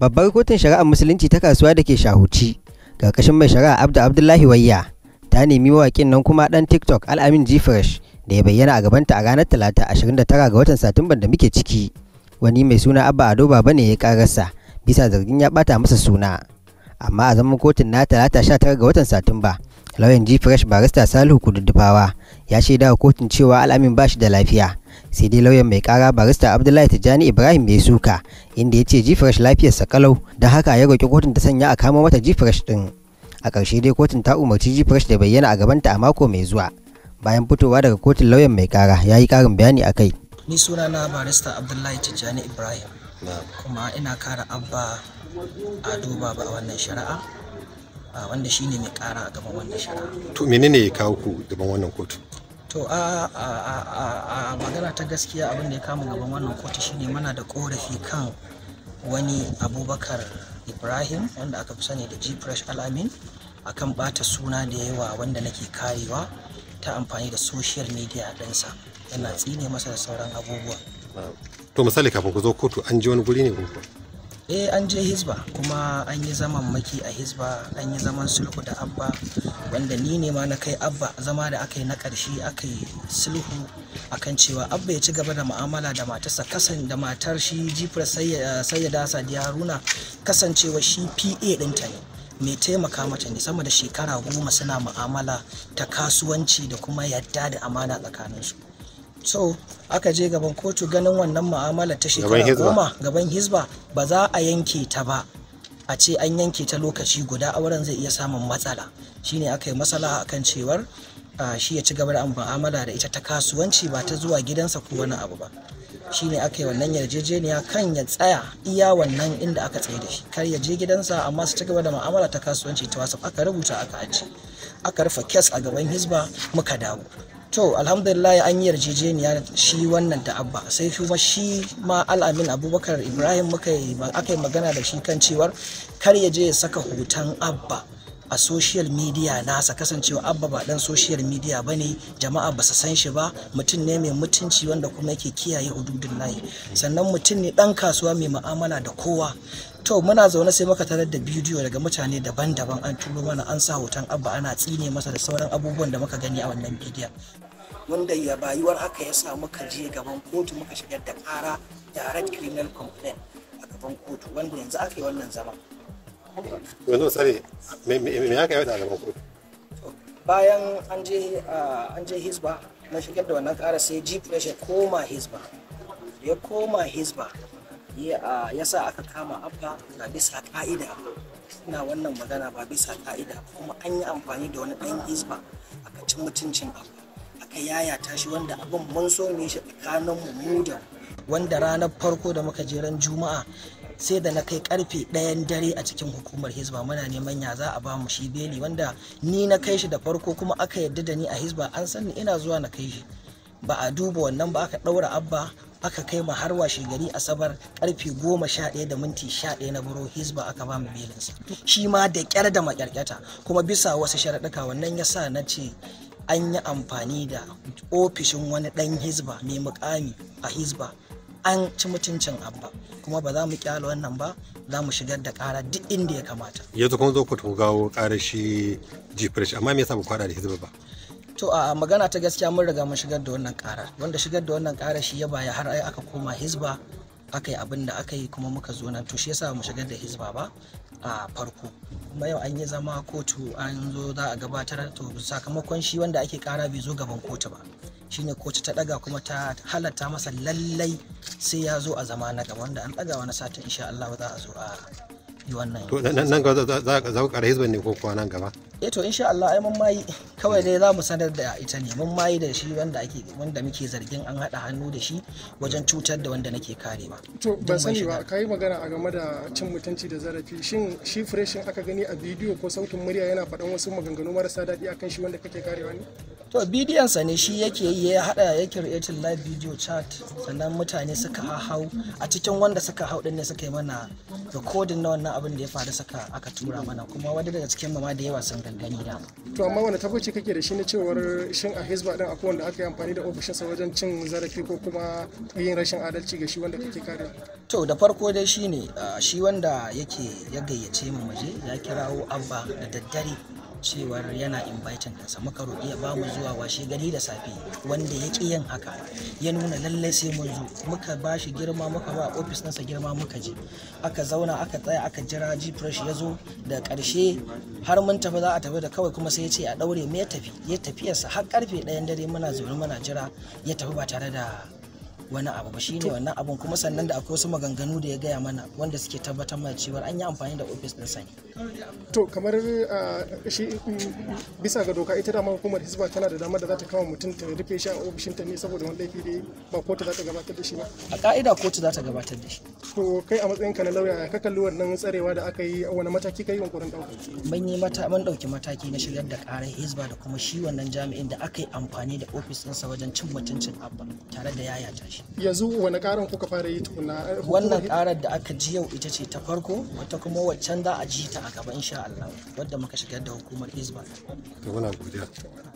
Babbar kotun shari'ar musulunci ta kasuwa da ke Shahuci, ƙarƙashin mai shari'a Abdu Abdullahi Wayya, ta nemi mawaƙin nan kuma dan TikTok Al'amin G Fresh da ya bayyana a gabanta a ranar Talata 29 ga watan Satumban da muke ciki. Wani mai suna Abba Ado Baba ne ya karasa bisa zargin ya bata masa suna. Amma a zaman kotun na Talata 19 ga watan Satumba, lauyan G Fresh barista Salihu Kududdufawa ya shaida wa kotun cewa al'amin ba shi da lafiya sai dai lauyan mai kara barista abdullahi tijjani ibrahim mai suka inda ya ce jifresh lafiyarsa kalau da haka ya roƙi kotun ta sanya a kama mata jifresh ɗin a ƙarshe dai kotun ta umarci jifresh da bayyana a gabanta a mako mai zuwa bayan fitowa daga kotun lauyan mai kara ya yi karin bayani a kai ni suna na barista abdullahi tijjani ibrahim kuma ina kara abba a duba ba a wannan shari'a wanda shine mai kara a gaban wannan shari'a to menene ya kawo ku gaban wannan kotu to a a magana ta gaskiya abin da ya kama gaban wannan kotu shine mana da korafi kan wani abubakar ibrahim wanda aka fi sani da g fresh alamin akan bata suna da yawa wanda nake karewa ta amfani da social media ɗinsa yana tsine masa da sauran abubuwa to misali kafin ku zo kotu an ji wani guri ne ko eh an je hisba kuma an yi zaman maki a hisba an yi zaman sulhu da abba wanda ni ne ma na kai abba zama da aka yi na ƙarshe aka yi sulhu akan cewa abba ya ci gaba da mu'amala da matarsa kasan da matar shi jifar sayyada sadiya haruna kasancewa shi pa ɗinta ne mai taimaka mata ne sama da shekara goma suna ma'amala ta kasuwanci da kuma yadda da amana tsakaninsu so aka je gaban kotu ganin wannan ma'amala ta shekara goma gaban hizba ba za a yanke ta ba a ce an yanke ta lokaci guda a wurin zai iya samun matsala shine aka yi matsala akan cewar shi ya ci gaba da ma'amala da ita ta kasuwanci ba ta zuwa gidansa ko wani abu ba shine aka yi wannan yarjejeniya kan ya tsaya iya wannan inda aka tsaye da shi kar ya je gidansa amma su ci gaba da ma'amala ta kasuwanci ta wasu aka rubuta aka aji aka rufe kes a gaban hizba muka dawo to alhamdulillah an yi yarjejeniya shi wannan ta'abba sai kuma shi ma al'amin abubakar ibrahim aka yi magana da shi kan cewar kar ya je ya saka hoton abba a social media nasa kasancewa abba ba dan social media ba ne jama'a ba su san shi ba mutum ne mai mutunci wanda kuma yake kiyaye hududun layi sannan mutum ne dan kasuwa mai mu'amala da kowa to muna zaune sai muka tarar da bidiyo daga mutane daban-daban an turo mana an sa hoton abba ana tsine masa da sauran abubuwan da muka gani a wannan bidiyon wanda ya bayuwar haka ya sa muka je gaban kotu muka shigar da kara direct criminal complaint a gaban kotu wanda yanzu aka yi wannan zama me bayan an je hisba na shigar da wannan kara sai ji pressure koma hisba ya koma hisba ya sa aka kama abba na bisa ka'ida ina wannan magana ba bisa ka'ida kuma an yi amfani da wani ɗan hisba aka ci mutuncin abba aka yayata shi wanda abin mun so ne shi tsakanin mu muda. wanda ranar farko da muka je ran juma'a sai da na kai karfe ɗayan dare a cikin hukumar hizba muna neman ya za a ba mu shi beli wanda ni na kai shi da farko kuma aka yarda da ni a hizba an san ni ina zuwa na kai shi ba a duba wannan ba aka ɗaura abba aka kai ma har washe gari asabar karfe goma sha ɗaya da minti sha ɗaya na buro hizba aka ba mu belinsa shi ma da ƙyar da maƙyarƙyata kuma bisa wasu sharaɗuka wannan ya sa na ce an yi amfani da ofishin wani ɗan hizba mai mukami a hizba an ci mutuncin abba kuma ba za mu kyale wannan ba za mu shigar da kara duk inda ya kamata yanzu kuma zo ku gawo kara shi amma me yasa ba kwada da hizba ba to a magana ta gaskiya mun riga mun shigar da wannan kara wanda shigar da wannan kara shi ya baya har ai aka koma hizba aka yi abin da aka yi kuma muka zo nan to shi yasa mu shigar da hizba ba a farko kuma yau an yi zama kotu an zo za a gabatar to sakamakon shi wanda ake kara bai zo gaban kotu ba shine kotu ta daga kuma ta halatta masa lallai sai ya zo a zama na gaba wanda an daga wani satin insha Allah za a zo a yi wannan to nan gaba za ku ƙara hizban ne ko kuwa nan gaba e to insha Allah ai mun mayi kawai dai za mu sanar da ita ne mun mayi da shi wanda ake wanda muke zargin an haɗa hannu da shi wajen cutar da wanda nake karewa to ban sani ba kai magana a game da cin mutunci da zarafi shin shi freshin aka gani a bidiyo ko sautin murya yana faɗan wasu maganganu marasa daɗi akan shi wanda kake karewa ne to bidiyon sa ne shi yake yi ya hada ya create live video chat sannan mutane suka hau a cikin wanda suka hau din ne suka yi mana recording na wannan abin da ya faru saka aka tura mana kuma wani daga cikin mama da yawa sun gangani da to amma wani tabbaci kake da shi ne cewar shin a hizba din akwai wanda aka yi amfani da ofishinsa wajen cin zarafi ko kuma yin rashin adalci ga shi wanda kake kare to da farko dai shi ne shi wanda yake ya gayyace mu maje ya kirawo abba da daddare cewar yana inviting samu muka roƙi ya bamu zuwa washe gari da safe wanda ya ƙi yin haka ya nuna lallai sai mun zo muka ba shi girma muka ba ofis ɗinsa girma muka je aka zauna aka tsaya aka jira ji fresh ya zo da ƙarshe har mun tafi za a tafi da kawai kuma sai ya ce a ɗaure me ya tafi ya tafiyarsa har karfe ɗayan dare muna zaune muna jira ya tafi ba tare da wani abu ba shine wannan abun kuma sannan da akwai wasu maganganu da ya gaya mana wanda suke tabbatar mana cewa an yi amfani da ofis din sani to kamar ah, shi mm, bisa ga doka ita dama hukumar hisba tana da damar da za ta kama mutum ta rufe shi a ofishin ta ne saboda wani laifi da ba kotu za ta gabatar da shi ba a ka'ida kotu za ta gabatar da shi to kai a matsayin ka na lauya ka kalli wannan tsarewa da aka yi wani mataki kai yunkurin dauka mun yi mata mun dauki mataki na shigar da karar hizba da kuma shi wannan jami'in da aka yi amfani da ofis ɗinsa wajen cin mutuncin abba tare da yaya shi yanzu wani karan kuka fara yi tukuna wannan karar da aka ji yau ita ce ta farko wata kuma waccan za a ji ta a gaba insha Allah wadda muka shigar da hukumar hizba to muna godiya